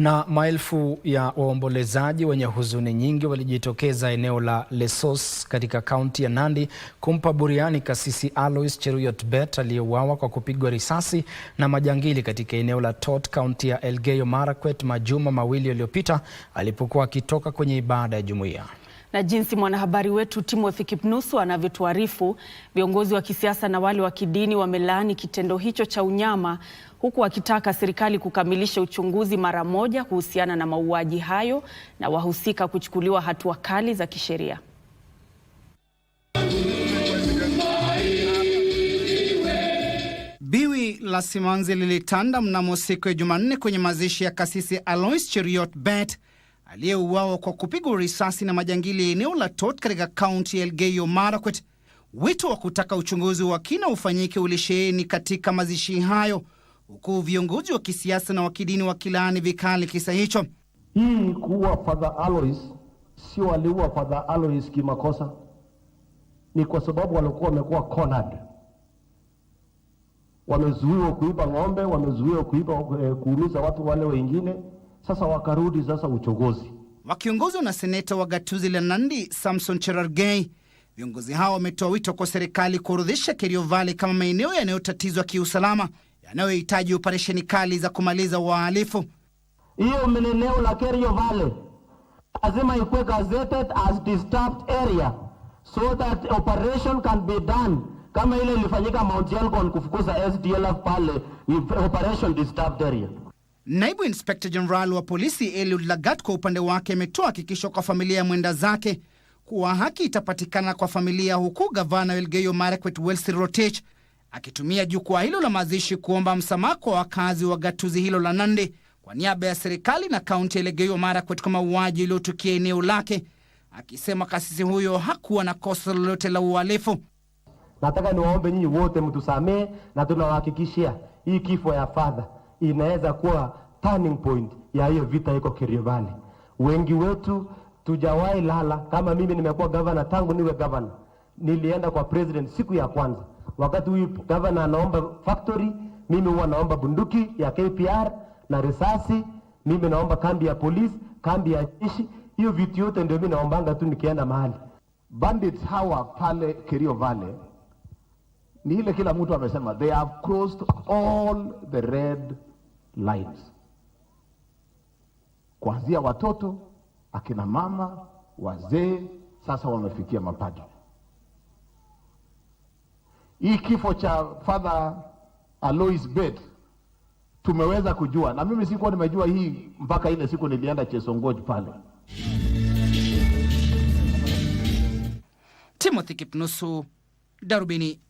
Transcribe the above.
Na maelfu ya waombolezaji wenye huzuni nyingi walijitokeza eneo la Lesos katika kaunti ya Nandi kumpa buriani kasisi Alois Cheruiyot Bet aliyeuawa kwa kupigwa risasi na majangili katika eneo la Tot, kaunti ya Elgeyo Marakwet majuma mawili yaliyopita alipokuwa akitoka kwenye ibada ya jumuiya. Na jinsi mwanahabari wetu Timothy Kipnusu anavyotuarifu, viongozi wa kisiasa na wale wa kidini wamelaani kitendo hicho cha unyama, huku wakitaka serikali kukamilisha uchunguzi mara moja kuhusiana na mauaji hayo na wahusika kuchukuliwa hatua kali za kisheria. Biwi la simanzi lilitanda mnamo siku ya Jumanne kwenye mazishi ya Kasisi Alois Cheriot Bet aliyeuawa kwa kupigwa risasi na majangili eneo la Tot katika kaunti ya Elgeyo Marakwet. Wito wa kutaka uchunguzi wa kina ufanyike ulisheheni katika mazishi hayo, huku viongozi wa kisiasa na wa kidini wakilaani vikali kisa hicho. Hii kuua Father Alois sio aliua Father Alois kimakosa, ni kwa sababu walikuwa wamekuwa cornered, wamezuiwa kuiba ng'ombe, wamezuiwa kuiba eh, kuumiza watu wale wengine sasa wakarudi sasa uchogozi. Wakiongozwa na seneta wa gatuzi la Nandi Samson Cherargei, viongozi hao wametoa wito kwa serikali kuorodhesha Kerio kama maeneo yanayotatizwa kiusalama yanayohitaji operesheni kali za kumaliza wahalifu. Hiyo eneo la keriovale lazima ikuwe gazetted as disturbed area so that operation can be done kama ile ilifanyika Mount Elgon kufukuza SDLF pale, operation disturbed area. Naibu Inspekta Jenerali wa polisi Eliud Lagat kwa upande wake ametoa hakikisho kwa familia ya mwenda zake kuwa haki itapatikana kwa familia, huku gavana Elgeyo Marakwet Welsi Rotich akitumia jukwaa hilo la mazishi kuomba msamaha kwa wakazi wa gatuzi hilo la Nandi kwa niaba ya serikali na kaunti ya Elgeyo Marakwet kwa mauaji yaliyotukia eneo lake, akisema kasisi huyo hakuwa na kosa lolote la uhalifu. Nataka niwaombe nyinyi wote mtusamehe, na tunawahakikishia hii kifo ya fadha inaweza kuwa turning point ya hiyo vita iko Kerio Valley. Wengi wetu tujawahi lala. Kama mimi nimekuwa governor tangu niwe governor. nilienda kwa president siku ya kwanza. Wakati huyu governor anaomba factory, mimi huwa naomba bunduki ya KPR na risasi, mimi naomba kambi ya polisi, kambi ya jeshi. Hiyo vitu yote ndio mimi naombanga tu nikienda mahali. Bandits hawa pale Kerio Valley ni ile kila mtu amesema, they have crossed all the red lives, kuanzia watoto, akina mama, wazee, sasa wamefikia mapadri. Hii kifo cha Father Alois Bet tumeweza kujua, na mimi sikuwa nimejua hii mpaka ile siku nilienda chesongoj pale. Timothy Kipnusu, Darubini.